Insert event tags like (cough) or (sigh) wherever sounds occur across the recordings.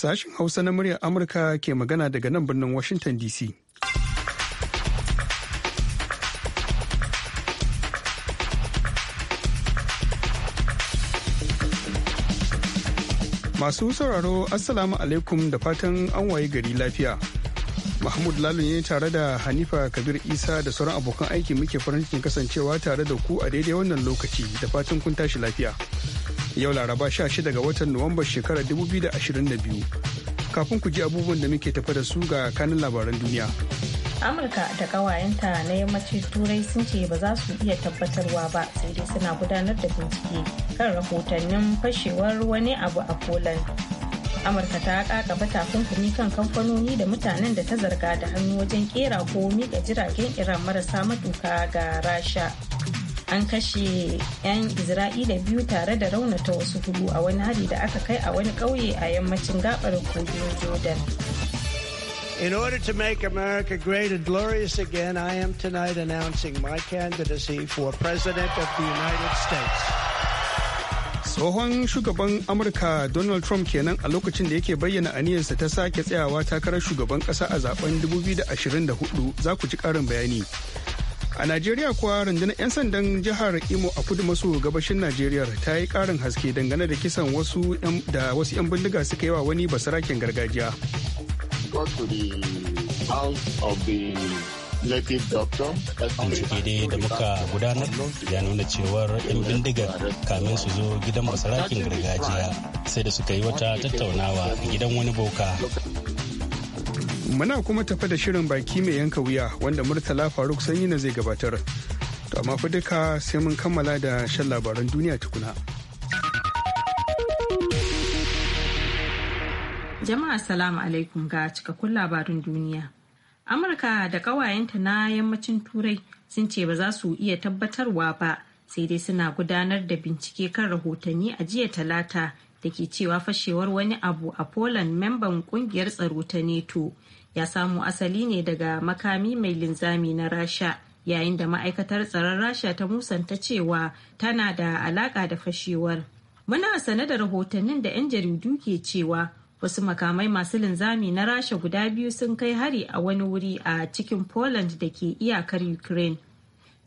Sashen Hausa na muryar Amurka ke magana daga nan birnin Washington DC. Masu sauraro Assalamu alaikum da fatan an waye gari lafiya. Mahmud Lalo ne tare da Hanifa Kabir Isa da sauran abokan aiki muke farin cikin kasancewa tare da ku a daidai wannan lokaci da fatan kun tashi lafiya. yau laraba 16 ga watan nuwamba shekarar 2022 kafin ku ji abubuwan da muke tafa da su ga kanin labaran duniya amurka da kawayenta na yammacin turai sun ce ba za su iya tabbatarwa ba sai dai suna gudanar da bincike kan rahotannin fashewar wani abu a poland amurka ta kakaba takunkumi kan kamfanoni da mutanen da ta zarga da hannu wajen kera ko miƙa jiragen iran marasa matuka ga rasha an kashe 'yan isra'ila biyu tare da raunata wasu hudu a wani hari da aka kai a wani kauye a yammacin gabar kogin jordan In order to make America great and glorious again, I am tonight announcing my candidacy for President of the United States. Tsohon shugaban Amurka Donald Trump kenan a lokacin da yake bayyana aniyarsa ta sake tsayawa takarar shugaban kasa a zaben 2024 za ku ji karin bayani. a najeriya kuwa rundunar 'yan sandan jihar imo a kudu maso gabashin najeriya ta yi karin haske dangane da kisan wasu da wasu 'yan bindiga suka yi wa wani basaraken gargajiya bincike dai da muka gudanar ya nuna cewar 'yan bindigar kamin su zo gidan basarakin gargajiya sai da suka yi wata tattaunawa gidan wani boka Muna kuma tafi da shirin baki mai yanka wuya wanda Murtala Faruk sanyi na zai gabatar. To amma fi duka sai mun kammala da shan labaran duniya tukuna. Jama'a salamu alaikum ga cikakkun labarin duniya. Amurka da ƙawayenta na yammacin Turai sun ce ba za su iya tabbatarwa ba sai dai suna gudanar da bincike kan rahotanni a jiya talata da ke cewa fashewar wani abu a Poland memban kungiyar tsaro ta neto ya samu asali ne daga makami mai linzami na rasha yayin da ma'aikatar tsaron rasha ta musanta cewa tana da alaka da fashewar muna sane da rahotannin da 'yan jaridu ke cewa wasu makamai masu linzami na rasha guda biyu sun kai hari a wani wuri a cikin poland da ke iyakar ukraine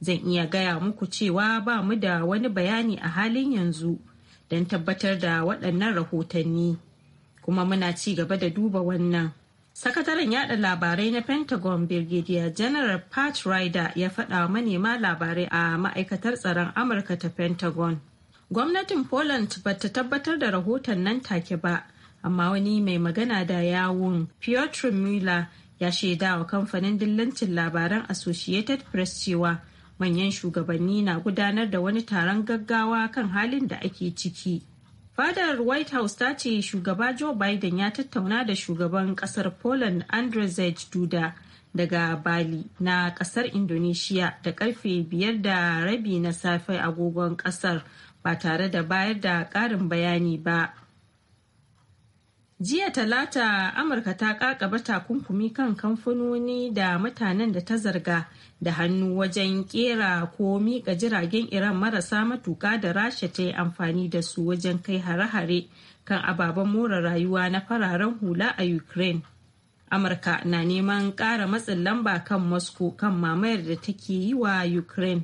zan iya gaya muku cewa ba mu da wani bayani a halin yanzu don tabbatar da waɗannan rahotanni kuma muna ci gaba da duba wannan Sakataren yada labarai na Pentagon Brigadier General Pat Ryder ya faɗa wa manema labarai a ma'aikatar tsaron Amurka ta Pentagon. Gwamnatin Poland ba ta tabbatar da rahoton nan take ba, amma wani mai magana da yawun Piotr Mueller ya shaida wa kamfanin dillancin labaran Associated Press cewa manyan shugabanni na gudanar da wani taron gaggawa kan halin da ake ciki. Fadar White House ta ce shugaba Joe Biden ya tattauna da shugaban kasar Poland Andrzej Duda daga Bali na kasar Indonesia da karfe biyar da rabi na safe agogon kasar ba tare da bayar da karin bayani ba. jiya talata amurka ta kakaba takunkumi kan kamfanoni da mutanen da ta zarga da hannu wajen kera ko miƙa jiragen iran marasa matuka da rasha ta yi amfani da su wajen kai hare-hare kan ababen more rayuwa na fararen hula a ukraine amurka na neman ƙara matsin lamba kan moscow kan mamayar da take yi wa ukraine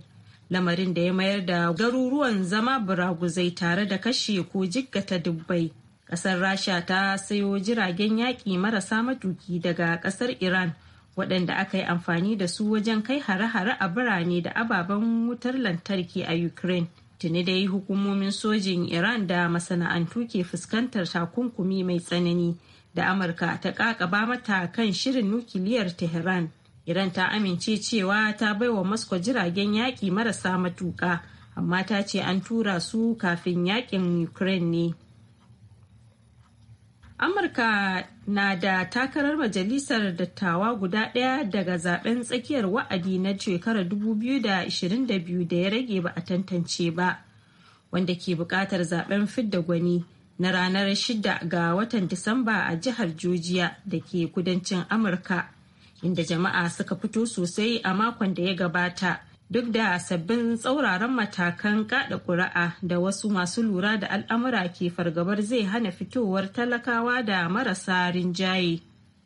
lamarin da ya mayar da garuruwan zama buraguzai tare da kashe ko jikkata dubbai Ƙasar Rasha ta sayo jiragen yaƙi marasa matuki daga ƙasar Iran waɗanda aka yi amfani da su wajen kai hare-hare a birane da ababen wutar lantarki a Ukraine. Tuni dai hukumomin sojin Iran da masana'antu ke fuskantar takunkumi mai tsanani da Amurka ta ƙaƙaba mata kan shirin nukiliyar Tehran. Iran ta amince cewa ta baiwa Moscow jiragen yaƙi marasa matuka, amma ta ce an tura su kafin yaƙin Ukraine ne. amurka na da takarar majalisar dattawa guda ɗaya daga zaben tsakiyar wa'adi na shekarar 2022 da ya rage ba a tantance ba wanda ke buƙatar zaben fidda gwani na ranar 6 ga watan disamba a jihar georgia da ke kudancin amurka inda jama'a suka fito sosai a makon da ya gabata duk da sabbin tsauraran matakan kada kuri'a da wasu masu lura da al'amura ke fargabar zai hana fitowar talakawa da marasa rinjaye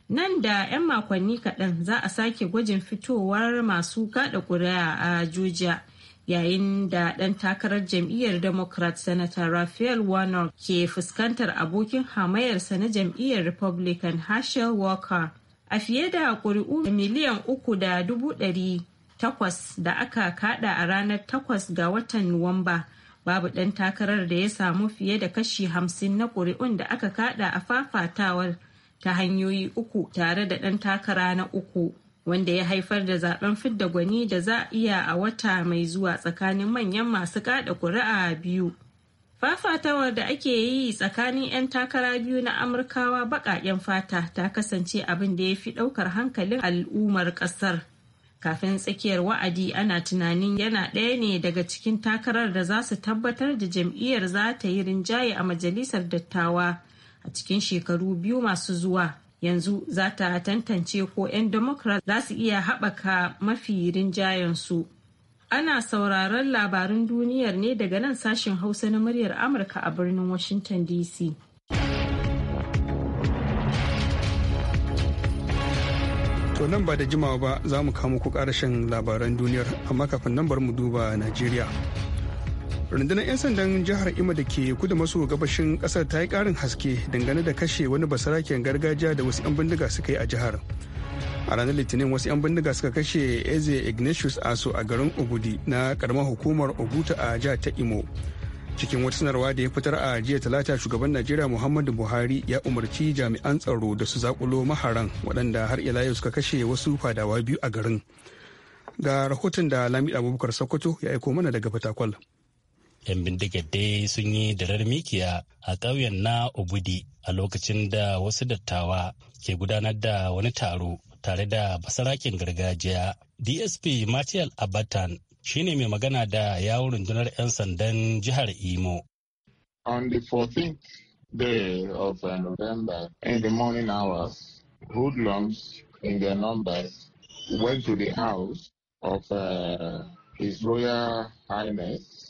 nan da 'yan makonni kaɗan za a sake gwajin fitowar masu kada kuri'a a Juja, yayin da ɗan takarar jam'iyyar democrat senator raphael warnock ke fuskantar abokin hamayarsa na jam'iyyar republican herschel walker a fiye da ƙuri'u miliyan uku da dubu ɗari takwas da aka kada a ranar takwas ga watan Nuwamba babu ɗan takarar da ya samu fiye da kashi hamsin na ƙuri'un da aka kada a fafatawar ta hanyoyi uku tare da ɗan takara na uku wanda ya haifar da zaben fidda gwani da za a iya a wata mai zuwa tsakanin manyan masu kada ƙuri'a biyu. Fafatawar da ake yi tsakanin 'yan takara biyu na Amurkawa baƙaƙen fata ta kasance abin da ya fi ɗaukar hankalin al'ummar ƙasar. kafin tsakiyar wa'adi ana tunanin yana ɗaya ne daga cikin takarar da za su tabbatar da jam'iyyar za ta yi rinjaye a majalisar dattawa a cikin shekaru biyu masu zuwa yanzu za ta tantance ko 'yan democrat za su iya haɓaka mafi rinjayensu ana sauraron labarin duniyar ne daga nan sashen hausa na muryar amurka a birnin washington dc To nan ba da jimawa ba za mu kawo ku karashen labaran duniyar amma kafin nan bar mu duba Najeriya. Rundunar 'yan sandan jihar Ima da ke kudu maso gabashin kasar ta yi karin haske dangane da kashe wani basaraken gargajiya da wasu 'yan bindiga suka yi a jihar. A ranar Litinin wasu 'yan bindiga suka kashe Eze Ignatius Aso a garin Ogudi na karamar hukumar Oguta a jihar ta Imo. cikin wata sanarwa da ya fitar a jiya talata shugaban najeriya muhammadu buhari ya umarci jami'an tsaro da su zakulo maharan waɗanda har ila yau suka kashe wasu fadawa biyu a garin ga rahoton da lami abubakar sokoto ya aiko mana daga fatakwal yan bindigar dai sun yi darar mikiya a ƙauyen na obudi a lokacin da wasu dattawa ke gudanar da wani taro tare da basarakin gargajiya dsp martial abatan shine mai magana da yawon rundunar 'yan sandan jihar Imo. On the 14th day of uh, November, in the morning hours, hoodlums in their numbers went to the house of uh, His Royal Highness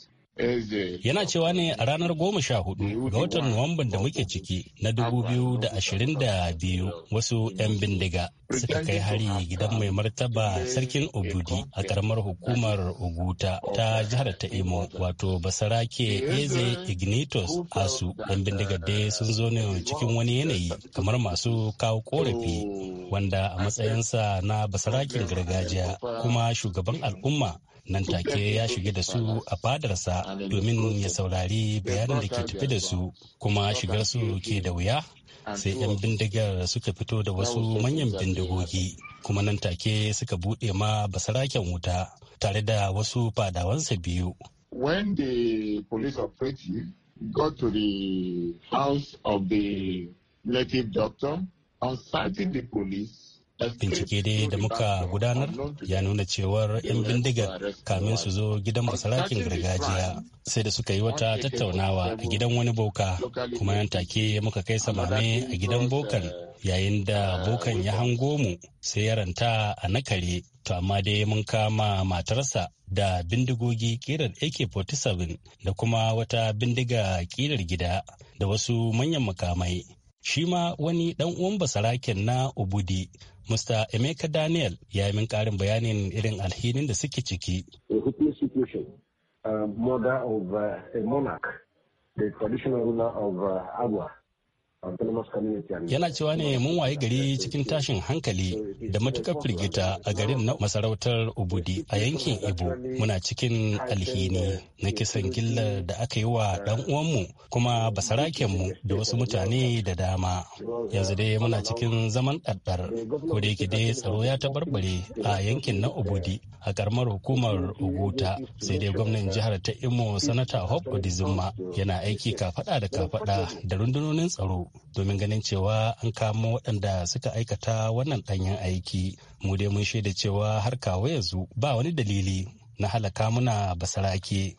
Yana cewa ne a ranar goma sha hudu ga watan Nuwamban da muke ciki na dubu biyu da ashirin da biyu wasu 'yan bindiga suka kai hari gidan mai martaba sarkin Obudi a karamar hukumar Oguta ta jihar ta Imo wato Basarake Eze Ignitos Asu 'yan bindigar dai sun zo ne cikin wani yanayi kamar masu kawo korafi wanda a matsayinsa na basarakin gargajiya kuma shugaban al'umma nan take ya shige da su a fadarsa domin ya saurari bayanin da ke tafi da su kuma shigar su ke da wuya sai 'yan bindigar suka fito da wasu manyan bindigogi kuma nan take suka buɗe ma basaraken wuta tare da wasu fadawansa biyu. When the police operative got to the house of the native doctor, on sighting the police, bincike dai da muka gudanar ya nuna cewar 'yan bindigar kamin su zo gidan basarakin gargajiya sai da suka yi wata tattaunawa a gidan wani boka kuma yan take muka kai samame a gidan bokan yayin da bokan ya hango mu sai ya ranta a nakare to amma dai mun kama matarsa da bindigogi kirar ak-47 da kuma wata bindiga kirar gida da wasu manyan makamai shi ma wani dan uwan basarakin na obudi Mr. Emeka Daniel ya yi min ƙarin bayanin irin alhinin da suke ciki. Uh, mother of uh, a monarch, the traditional ruler of uh, Agua. Yana cewa ne mun waye gari cikin tashin hankali da matukar firgita a garin na masarautar Ubudi a yankin Ibo muna cikin alhini na kisan gillar da aka yi wa dan uwanmu kuma basarakenmu da wasu mutane da dama. Yanzu dai muna cikin zaman ɗaɗɗar ko da yake dai tsaro ya tabarbare a yankin na Ubudi a karamar hukumar uguta, sai dai gwamnan jihar ta Imo sanata Hope Odizuma yana aiki kafaɗa da kafaɗa da rundunonin tsaro domin ganin cewa an kamo waɗanda suka aikata wannan ɗanyen aiki mu dai mun shaida cewa har kawo yanzu ba wani dalili na halaka muna basarake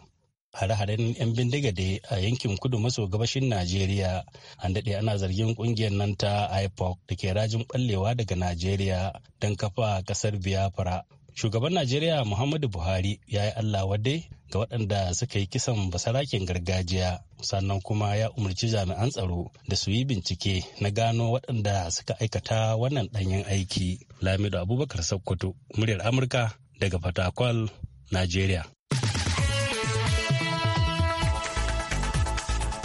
hare-haren 'yan bindiga da a yankin kudu maso gabashin Najeriya an daɗe ana zargin ƙungiyar nan ta IPOC da ke rajin ɓallewa daga Najeriya don kafa ƙasar Biafra shugaban najeriya muhammadu buhari ya yi allah wadai ga waɗanda suka yi kisan basarakin gargajiya sannan kuma ya umarci jami'an tsaro da su yi bincike na gano waɗanda suka aikata wannan ɗanyen aiki lamido abubakar sokoto muryar amurka daga fatakwal najeriya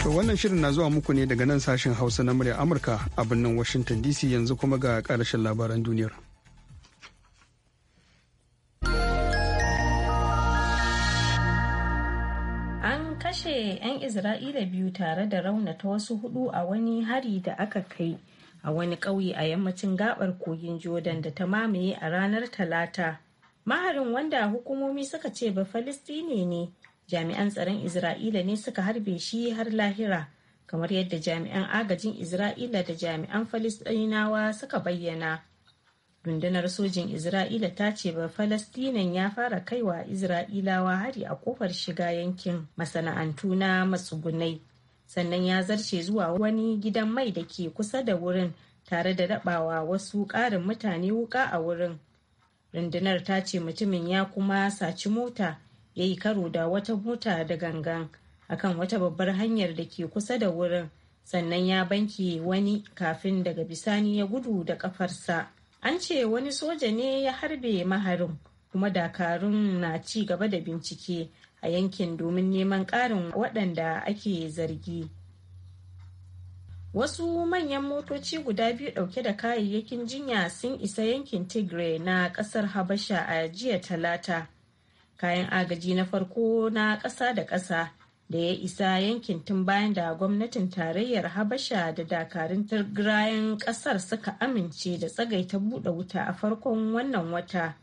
To wannan shirin na zuwa muku ne daga nan sashen Hausa na murya Amurka a birnin Washington DC yanzu kuma ga ƙarashin labaran duniyar. 'yan isra'ila biyu tare da raunata wasu hudu a wani hari da aka kai a wani ƙauye a yammacin gabar kogin jordan da ta mamaye a ranar talata maharin wanda hukumomi suka ce ba falistini ne jami'an tsaron isra'ila ne suka harbe shi har lahira kamar yadda jami'an agajin isra'ila da jami'an falistinawa suka bayyana rundunar sojin isra'ila ta ce ba falastinan ya fara kaiwa isra'ilawa hari a kofar shiga yankin masana'antu na matsugunai sannan ya zarce zuwa wani gidan mai da ke kusa da wurin tare da rabawa wasu ƙarin mutane wuka a wurin rundunar ta ce mutumin ya kuma saci mota ya yi karo da wata mota da gangan akan wata babbar hanyar da ke kusa da wurin sannan ya banke wani kafin daga bisani ya gudu da kafarsa. an ce wani soja ne ya harbe maharin kuma dakarun na ci gaba da bincike a yankin domin neman ƙarin waɗanda ake zargi wasu manyan motoci guda biyu ɗauke da kayayyakin jinya sun isa yankin tigray na ƙasar habasha a jiya talata kayan agaji na farko na ƙasa da ƙasa da ya isa yankin tun bayan da gwamnatin tarayyar habasha da dakarun tirgirayen kasar suka amince da tsagaita buɗe wuta a farkon wannan wata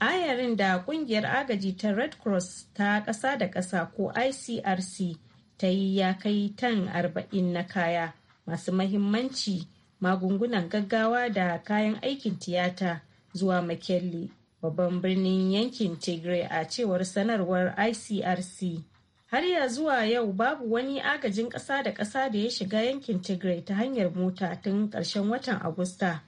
ayarin da kungiyar agaji ta red cross ta ƙasa da ƙasa ko icrc ta yi ya kai tan arba'in na kaya masu mahimmanci magungunan gaggawa da kayan aikin tiyata zuwa makelli babban birnin yankin tigray a cewar sanarwar icrc har ya zuwa yau babu wani agajin ƙasa da ƙasa da ya shiga yankin tigray ta hanyar mota tun ƙarshen watan agusta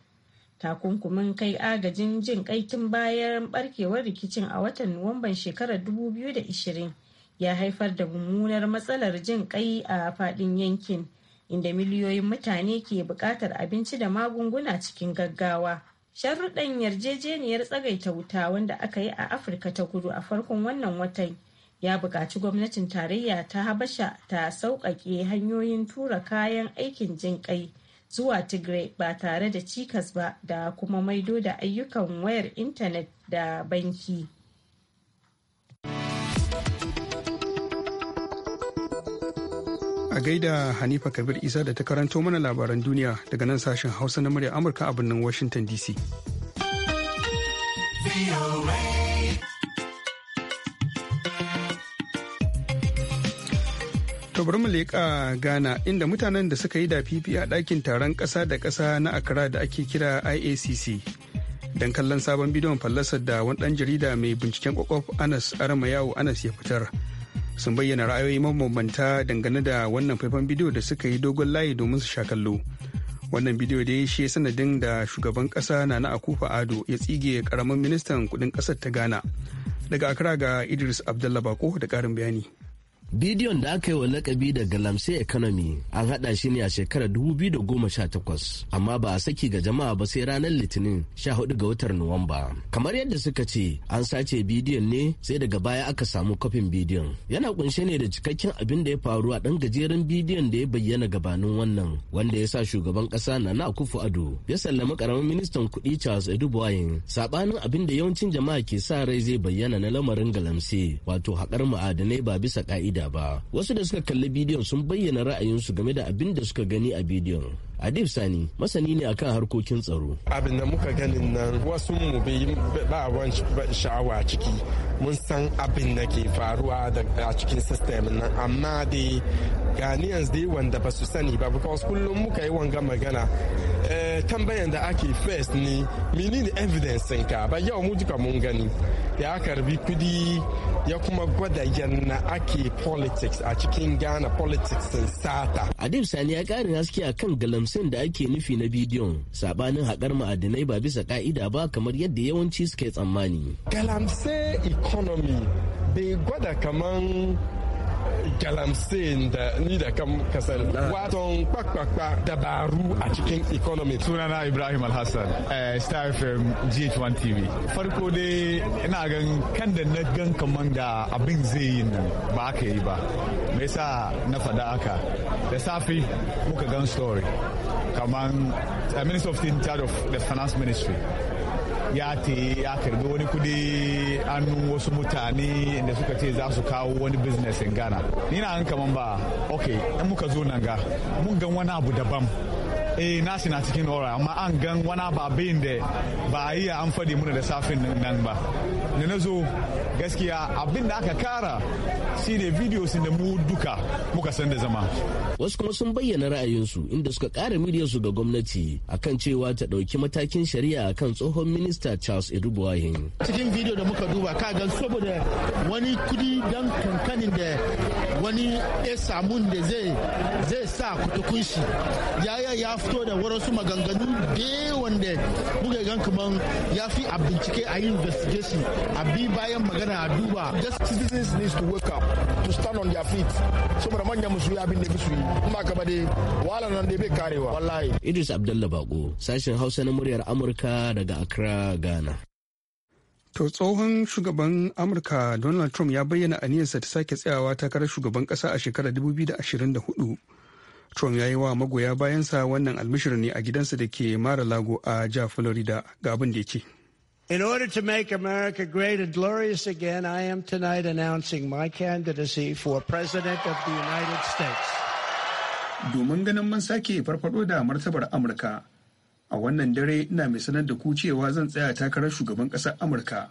takunkumin kai agajin jin kai bayan barkewar rikicin a watan nuwamban shekarar 2020 ya haifar da mummunar matsalar jin kai a faɗin yankin inda miliyoyin mutane ke buƙatar abinci da magunguna cikin gaggawa sharuɗan yarjejeniyar tsagaita wuta wanda aka yi a afirka ta kudu a farkon wannan watan ya buƙaci gwamnatin tarayya ta habasha ta sauƙaƙe hanyoyin tura kayan aikin jin jinƙai zuwa tigray ba tare da cikas ba da kuma maido da ayyukan wayar intanet da banki a gaida hanifa kabir isa da ta karanto mana labaran duniya daga nan sashen hausa na murya amurka a birnin washington dc To bari mu leƙa Ghana inda mutanen da suka yi dafifi a ɗakin taron ƙasa da ƙasa na Accra da ake kira IACC. Don kallon sabon bidiyon fallasar da wani ɗan jarida mai binciken kwakwaf Anas Aramayawo Anas ya fitar. Sun bayyana ra'ayoyi mabambanta dangane da wannan faifan bidiyo da suka yi dogon layi domin su sha kallo. Wannan bidiyo da ya shi sanadin da shugaban ƙasa na na Akufa Ado ya tsige karamin ministan kuɗin ƙasar ta Ghana. Daga Accra ga Idris Abdallah Bako da ƙarin bayani. bidiyon da aka yi wa lakabi da galamse economy an hada shi ne a shekarar 2018 amma ba a saki ga jama'a ba sai ranar litinin 14 ga watan nuwamba kamar yadda suka ce an sace bidiyon ne sai daga baya aka samu kofin bidiyon yana kunshe ne da cikakken abin da ya faru a dan gajeren bidiyon da ya bayyana gabanin wannan wanda ya sa shugaban kasa na na kufu ado ya sallami karamin ministan kuɗi charles edubuayin sabanin abin da yawancin jama'a ke sa rai zai bayyana na lamarin galamse wato haƙar ma'adanai ba bisa ka'ida ba wasu da suka kalli bidiyon sun bayyana ra'ayinsu game da abin da suka gani a bidiyon Adib Sani masani ne akan harkokin tsaro. Abin da muka ganin nan wasu mu ba wani sha'awa ciki mun san abin da ke faruwa a cikin sistem nan amma dai ghanaians dai wanda ba su sani ba because kullum muka yi wanga magana eh, tambayan da ake first ne menene evidence ka ba yau mu duka mun gani ya karbi kudi ya kuma gwada yanna ake politics a cikin ghana politics sata. Adib Sani ya karin haske kan galan hamsin da ake nufi na bidiyon sabanin haƙar ma'adinai ba bisa ka'ida ba kamar yadda yawanci suke tsammani. Galamse economy bai gwada kamar. galamsin da ni da kan kasar waton kwakwakwa dabaru a cikin economy sunana ibrahim alhassan eh, star fm gh1 tv farko dai ina gan kan da na gan kaman da abin zai yi nan ba aka yi ba me yasa na faɗa aka da safi muka gan story kaman eh, minister of the of the finance ministry ya te ya karbi wani kudi hannun wasu mutane da suka ce za su kawo wani business in ghana ni na an kaman ba ok in muka zo nan ga mun gan wani abu daban eh nashi na cikin ora amma an gan wani ababin da ba a iya an faɗi muna da safin nan ba da na zo gaskiya abin da aka kara shi ne video sun da mu duka muka san da zama wasu kuma sun bayyana ra'ayinsu inda suka kara su ga gwamnati akan cewa ta ɗauki matakin shari'a a kan tsohon minista charles edubuahin cikin video da muka duba ka gan saboda wani kudi dan kankanin da wani ya samun da zai sa kutukun shi ya ya fito da wasu maganganu da wanda muka gan kaman ya fi a bincike a yi investigation a bi bayan magana a duba just citizens needs to wake up to stand on their feet saboda manyan musu ya abin da su yi kuma gaba dai wahala nan da bai karewa wallahi Idris Abdullahi Bako sashen Hausa na muryar Amurka daga Accra Ghana To tsohon shugaban Amurka Donald Trump ya bayyana aniyarsa ta sake tsayawa takarar shugaban kasa a shekarar 2024 Trump ya yi wa magoya bayansa wannan almishir ne a gidansa da ke mara lago a ja Florida ga abin da ya ce. In order to make America great and glorious again, I am tonight announcing my candidacy for President of the United States. Domin ganin mun sake farfado da martabar Amurka, a wannan dare ina mai sanar da ku cewa zan tsaya takarar shugaban ƙasar Amurka.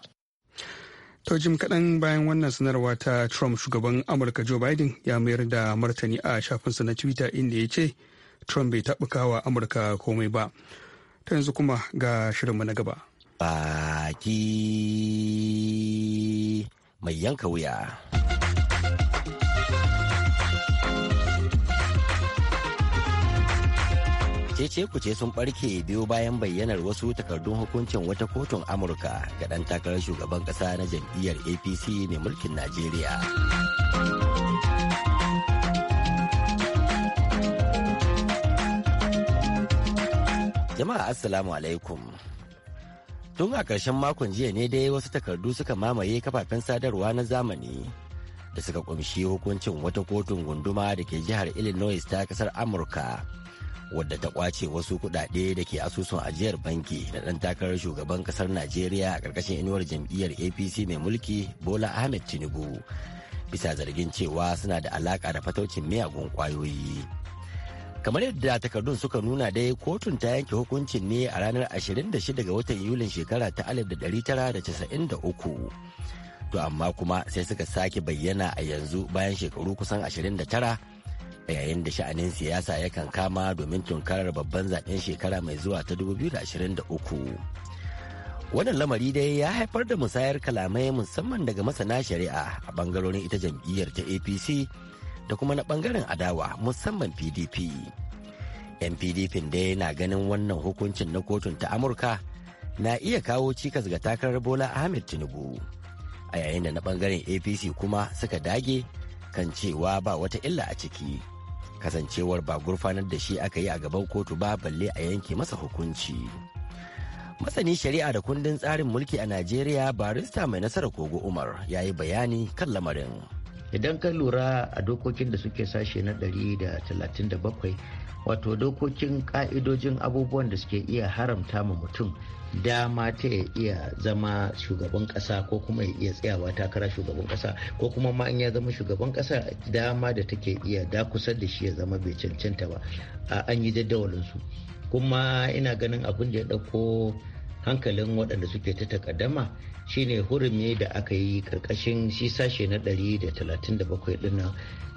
To jim kaɗan bayan wannan sanarwa ta Trump shugaban Amurka Joe Biden ya mayar da martani a shafinsa na Twitter inda ya ce Trump bai taɓa kawa Amurka komai ba. Ta yanzu kuma ga shirinmu na gaba. Baki mai yanka wuya. ku ce sun barke biyo bayan bayyanar wasu takardun hukuncin wata kotun amurka ga ɗan takarar shugaban ƙasa na jam'iyyar apc mai mulkin najeriya jama'a assalamu alaikum tun a ƙarshen makon jiya ne dai wasu takardu suka mamaye kafafen sadarwa na zamani da suka kumshi hukuncin wata kotun gunduma da ke jihar illinois ta ƙasar amurka wadda ta kwace wasu kudade da ke asusun ajiyar banki da ɗan takarar shugaban kasar najeriya a ƙarƙashin inuwar jam'iyyar apc mai mulki bola ahmed tinubu bisa zargin cewa suna da alaka da fataucin miyagun kwayoyi kamar yadda takardun suka nuna dai kotun ta yanke hukuncin ne a ranar 26 ga watan yulin shekara ta 1993 to amma kuma sai suka sake bayyana a yanzu bayan shekaru kusan 29 yayin da sha'anin siyasa yakan kama domin tunkarar babban zaɓen shekara mai zuwa ta 2023 wannan lamari dai ya haifar da musayar kalamai musamman daga masana shari'a a bangarorin ita jam'iyyar ta apc da kuma na bangaren adawa musamman pdp yan pdp dai na ganin wannan hukuncin na kotun ta amurka na iya kawo cikas ga takarar bola ahmed tinubu a yayin da na bangaren apc kuma suka dage kan cewa ba wata illa a ciki kasancewar ba gurfanar da shi aka yi a gaban kotu ba balle a yanke masa hukunci masani shari'a da kundin tsarin mulki a najeriya barista mai nasara kogo umar ya yi bayani kan lamarin idan ka lura a dokokin da suke sashe na 137 wato dokokin ka'idojin abubuwan da suke iya haramta ma mutum dama ta iya zama shugaban kasa ko kuma ya iya tsayawa takara shugaban kasa ko kuma ma in ya zama shugaban kasa dama da take iya da kusa da shi ya zama bai cancanta ba a an yi su kuma ina ganin abin da ya dauko hankalin waɗanda suke ta takaddama shine hurumi da aka yi karkashin shi sashe na 137 ɗinnan nan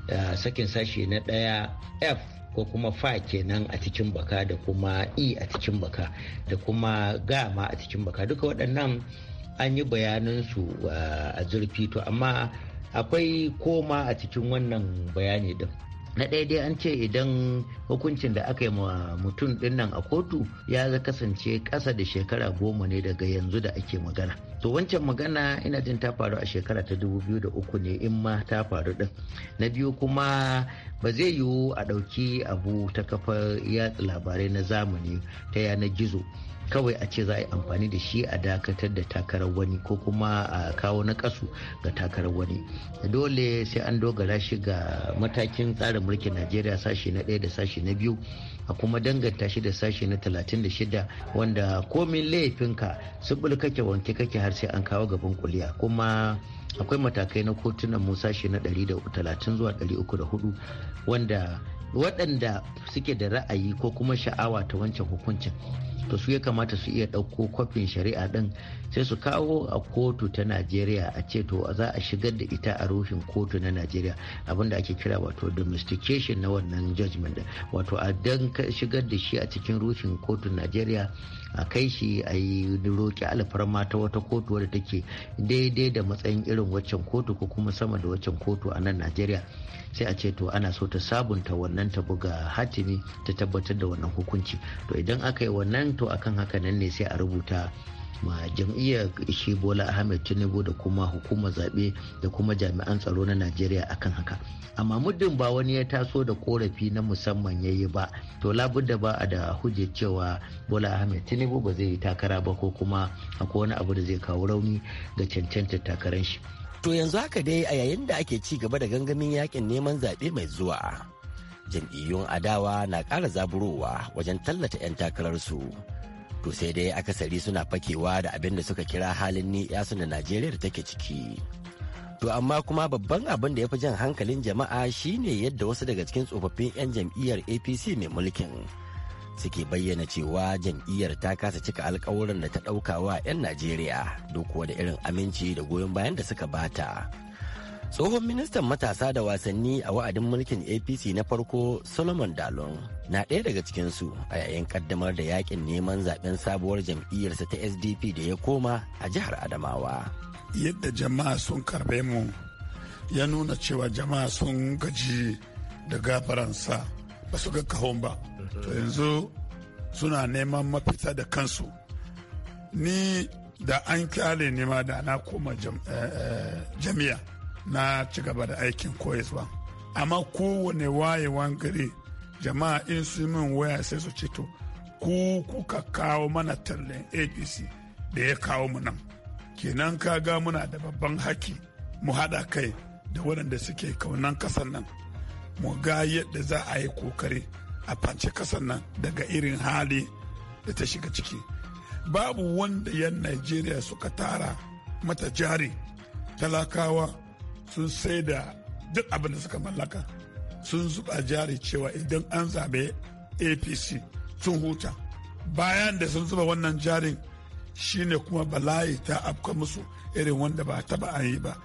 eh, sakin sashe na ɗaya f ko kuma fa kenan a cikin baka da kuma i a cikin baka da kuma gama a cikin baka duka waɗannan an yi bayanansu uh, a zurfi to amma akwai koma a cikin wannan bayani din na ɗaya dai an ce idan hukuncin da aka yi ma mutum ɗin a kotu ya kasance ƙasa da shekara goma ne daga yanzu da ake magana to wancan magana ina jin ta faru a shekara ta dubu biyu da uku ne in ma ta faru ɗin na biyu kuma ba zai yiwu a ɗauki abu ta kafar yatsa labarai na zamani ta yanar gizo kawai a ce za a yi amfani da shi a dakatar da takarar wani ko kuma a kawo na kasu ga takarar wani dole sai an dogara shi ga matakin tsarin mulkin najeriya sashi na ɗaya da sashi na biyu a kuma danganta shi da sashi na 36 wanda komin laifinka subul kake wanke kake har sai an kawo gaban kuliya kuma akwai matakai na kotunan mu shi na 130 zuwa 304 wanda waɗanda suke da ra'ayi ko kuma sha'awa ta wancan hukuncin to su ya kamata su iya ɗauko kwafin shari'a ɗin sai su kawo a kotu ta najeriya a ce to za a shigar da ita a ruhin kotu na najeriya abinda ake kira wato domestication na wannan judgment wato a dan shigar da shi a cikin ruhin kotun najeriya a kai shi a yi roƙi alfarma ta wata kotu wadda take daidai da matsayin irin waccan kotu ko kuma sama da waccan kotu a nan najeriya sai a ce to ana so ta sabunta wannan ta buga hatimi ta tabbatar da wannan hukunci to idan aka yi wannan to akan haka nan ne sai a rubuta ma jam'iyyar shi bola ahmed tinubu da kuma hukumar zaɓe da kuma jami'an tsaro na najeriya akan haka amma muddin ba wani ya taso da korafi na musamman ya yi ba to labudda ba a da hujje cewa bola ahmed tinubu ba zai yi takara ba ko kuma akwai wani abu da zai kawo rauni ga cancantar takarar shi to yanzu haka dai a yayin da ake ci gaba da gangamin yakin neman zaɓe mai zuwa jam'iyyun adawa na ƙara zaburowa wajen tallata 'yan takararsu to sai dai akasari suna fakewa da abin da suka kira halin ni suna najeriya da take ciki to amma kuma babban abin da ya fi jan hankalin jama'a shine yadda wasu daga cikin tsofaffin 'yan jam'iyyar apc mai mulkin suke bayyana cewa jam'iyyar ta kasa cika alkawuran da ta ɗauka wa 'yan najeriya duk da irin aminci da goyon bayan da suka bata tsohon ministan matasa da wasanni a wa'adin mulkin apc na farko solomon dalon na ɗaya daga cikinsu a yayin kaddamar da yakin neman zaben sabuwar jam'iyyarsa ta sdp da ya koma a jihar adamawa yadda jama'a sun karbe mu ya nuna cewa jama'a sun gaji da gafaransa ba su ga kahon ba to yanzu suna neman mafita da kansu ni da an kyale nema da na koma eh, eh, jami'a na ci gaba da aikin koyaswa amma kowane wayewan gari jama'a in su min waya sai su ceto ku kuka kawo mana tallan apc da ya kawo mu nan kenan ka ga muna da babban haki mu haɗa kai da waɗanda suke kaunan ƙasar nan mu ga yadda za a yi kokari a fance ƙasar nan daga irin hali da ta shiga ciki babu wanda yan najeriya suka tara mata jari talakawa sun sai da duk abin da suka mallaka sun zuba jari cewa idan an zaɓe apc sun huta bayan da sun zuba wannan jarin shine kuma bala'i ta afka musu irin wanda ba taba a yi ba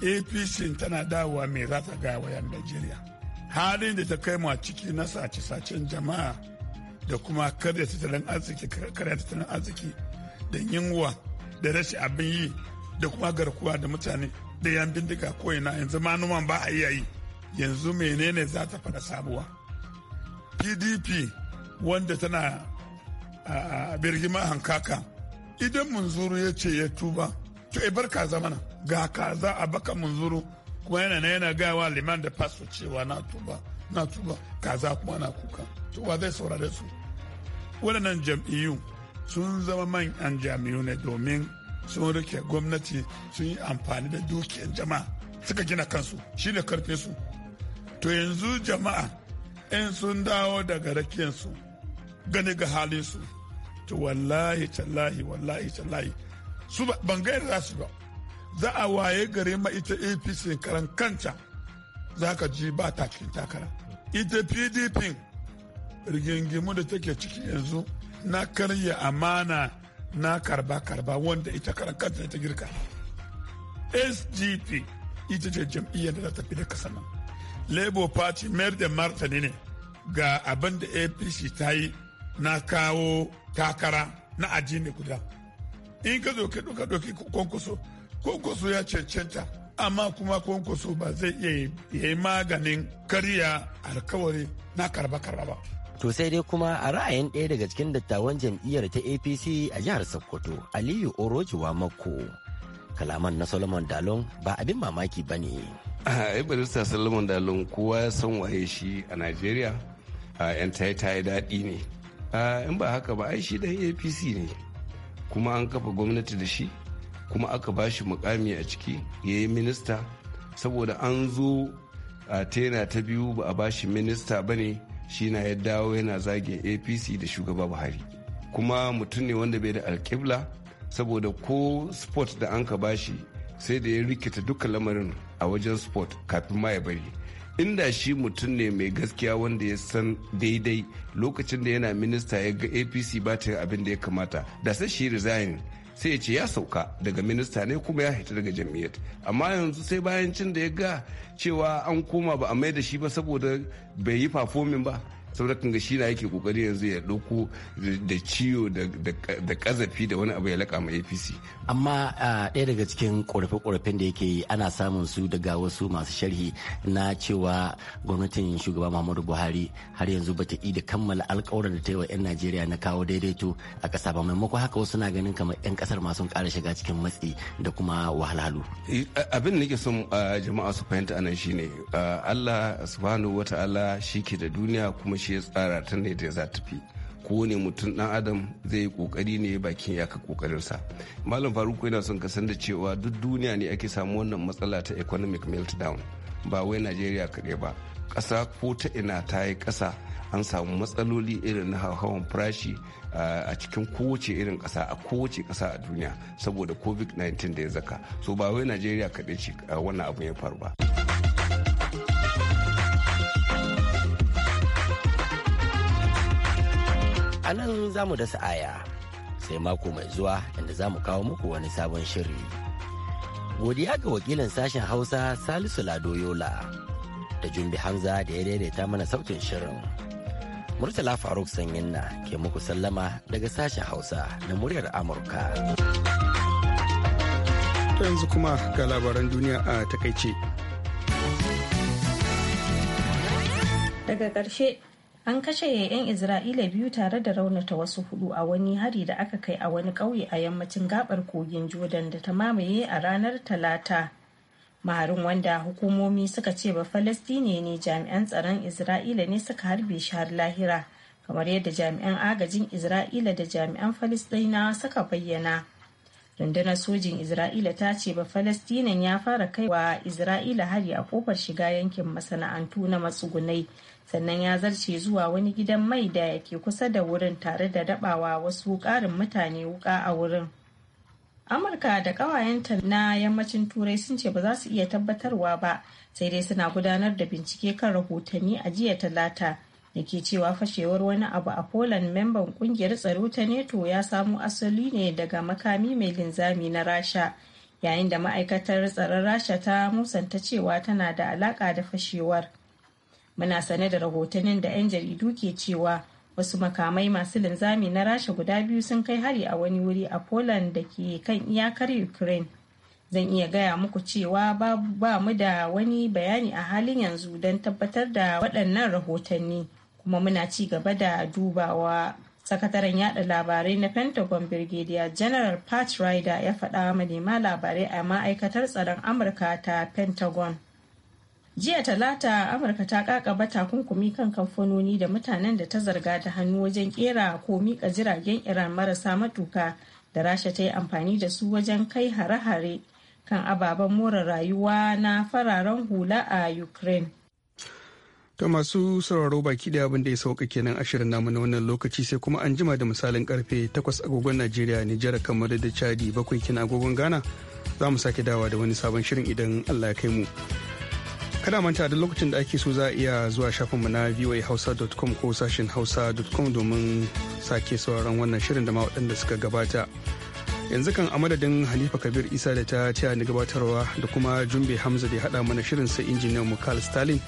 apc tana dawowa mai za ta gaya wa yan najeriya halin da ta kai mu a ciki na sace-sacen jama'a da kuma karya tattalin arziki karya tattalin arziki da yinwa da rashin abin yi da kuma garkuwa da mutane da yan bindiga ko'ina yanzu numan ba a iya yi yanzu menene za ta fada sabuwa pdp wanda tana birgima hankaka idan munzuru ya ce ya tuba to e bar kaza mana ga kaza a baka munzuru kuma yana na yana gawa liman da fasto cewa na tuba na tuba kaza kuma na kuka to wa zai saurare su waɗannan jam'iyyu sun zama man manyan jami'u ne domin sun rike gwamnati sun yi amfani da dukiyar jama'a suka gina kansu shi ne karfe su to yanzu jama'a in sun dawo daga rakiyarsu gani ga halinsu to wallahi tallahi wallahi tallahi su ban ga za su ba za a waye gare ma ita apc karan kanta za ka ji ba ta cikin takara ita pdp rigingimu da take ciki yanzu na karya amana na karba-karba wanda ita kanta ta girka sgp ita ce jam'iyyar da ta fi da kasa nan labour party mayar da martani ne ga abin da apc ta yi na kawo takara na addini guda in ka zo ka doke kwankwaso kwankwaso ya cancanta amma kuma kwankwaso ba zai iya yi maganin karya alkawari na karba-karba ba To sai dai kuma a ra'ayin ɗaya daga cikin dattawan jam'iyyar ta APC a jihar Sokoto, Aliyu Orojiwa Makko. Kalaman na Solomon Dalon ba abin mamaki ba ne. (laughs) Ah, ai barista Solomon Dalon kowa ya san waye shi a Najeriya, ah, ‘yan ta yi daɗi ne. Ah, in ba haka ba ai shi dan APC ne, kuma an kafa gwamnati da shi, kuma aka ba shi mukami a ciki, ya yi minista, saboda an zo a tena ta biyu ba a ba shi minista ba ne. shi na ya dawo yana zage apc da shugaba buhari kuma mutum ne wanda bai da alkibla saboda ko sport da an ka bashi sai da ya rikita duka lamarin a wajen sport kafin ma ya bari inda shi mutum ne mai gaskiya wanda ya san daidai lokacin da yana minista ya ga apc ba ta abin da ya kamata da sai shi resign sai ya ce ya sauka daga minista ne kuma ya hita daga jam'iyyar amma yanzu sai bayan cin da ya ga cewa an koma ba a mai da shi ba saboda bai yi fafomin ba saboda kan ga shi na yake kokari yanzu ya dauko da ciwo da kazafi da wani abu ya laka ma APC amma ah, ɗaya daga cikin ƙorafe-ƙorafen da yake yi ana samun su daga wasu masu sharhi na cewa gwamnatin shugaba muhammadu buhari har yanzu ba ta da kammala alkawarin da ta yi wa 'yan najeriya na kawo daidaito a ƙasa ba maimakon haka wasu na ganin kamar 'yan ƙasar masu ƙara shiga cikin matsi da kuma wahalhalu eh, abin da nake son ah, jama'a su fahimta anan shine ah, allah subhanahu wa ta'ala shi ke da duniya kuma shi ya tsara ta ne da za ta fi ne mutum dan adam zai yi kokari ne bakin ya ka kokarinsa malam faruk yana son ka da cewa duk duniya ne ake samu wannan matsala ta economic meltdown ba wai najeriya kaɗai ba ƙasa ko ta ina ta yi ƙasa an samu matsaloli irin na hauhawan farashi a cikin kowace irin ƙasa a kowace ƙasa a duniya saboda covid-19 da ya zaka so ba wai najeriya kaɗai ce wannan abu ya faru ba. a nan za mu dasa aya sai mako mai zuwa inda za mu kawo muku wani sabon shiri. Godiya ga wakilin sashen Hausa Salisu Lado Yola da Jumbi Hamza da ya daidaita mana sautin shirin. Murtala Faruk Sanyin na ke muku sallama daga sashen Hausa na muryar Amurka. yanzu kuma ga labaran duniya a takaice. Daga ƙarshe an kashe 'yan isra'ila biyu tare da raunata wasu hudu a wani hari da aka kai a wani ƙauye a yammacin gabar kogin jordan da ta mamaye a ranar talata maharin wanda hukumomi suka ce ba falastine ne jami'an tsaron isra'ila ne suka harbe shi har lahira kamar yadda jami'an agajin isra'ila da jami'an falastainawa suka bayyana rundunar sojin isra'ila ta ce ba falastinan ya fara kaiwa isra'ila hari a kofar shiga yankin masana'antu na matsugunai sannan ya zarce zuwa wani gidan mai da ke kusa da wurin tare da dabawa wasu karin mutane wuka a wurin amurka da kawayenta na yammacin turai sun ce ba za su iya tabbatarwa ba sai dai suna gudanar da bincike kan rahotanni a jiya talata da ke cewa fashewar wani abu a poland memban kungiyar tsaro ta neto ya samo asali ne daga makami mai linzami na rasha yayin da ma'aikatar tsaron rasha ta musanta cewa tana da alaka da fashewar muna sane da rahotannin da 'yan jaridu ke cewa wasu makamai masu linzami na rasha guda biyu sun kai hari a wani wuri a poland da ke kan iyakar ukraine zan iya gaya muku cewa ba mu da wani bayani a halin yanzu don tabbatar da waɗannan rahotanni kuma muna ci gaba da dubawa sakataren yada labarai na pentagon brigadier general pat ryder ya faɗa manema labarai a ma'aikatar tsaron amurka ta pentagon jiya talata amurka ta kakaba takunkumi kan kamfanoni da mutanen da ta zarga da hannu wajen kera ko mika jiragen iran marasa matuka da rasha ta yi amfani da su wajen kai hare-hare kan ababen more rayuwa na fararen hula a ukraine ta masu sauraro baki da abin da ya sauka kenan ashirin namu na wannan lokaci sai kuma an jima da misalin karfe 8 agogon najeriya nijar kamar da chadi bakwai kina agogon ghana za mu sake dawa da wani sabon shirin idan allah ya kai mu kada manta da lokacin da ake so za a iya zuwa shafinmu na voahausa.com ko sashen hausa.com domin sake sauran wannan shirin da ma waɗanda suka gabata yanzu kan a madadin halifa kabir isa da ta taya ni gabatarwa da kuma jumbe hamza da haɗa mana shirin sai injiniyan mu kal stalin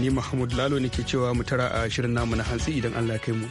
ni mahmud lalo ne ke cewa mu tara a shirin namu na hantsi idan allah kai mu.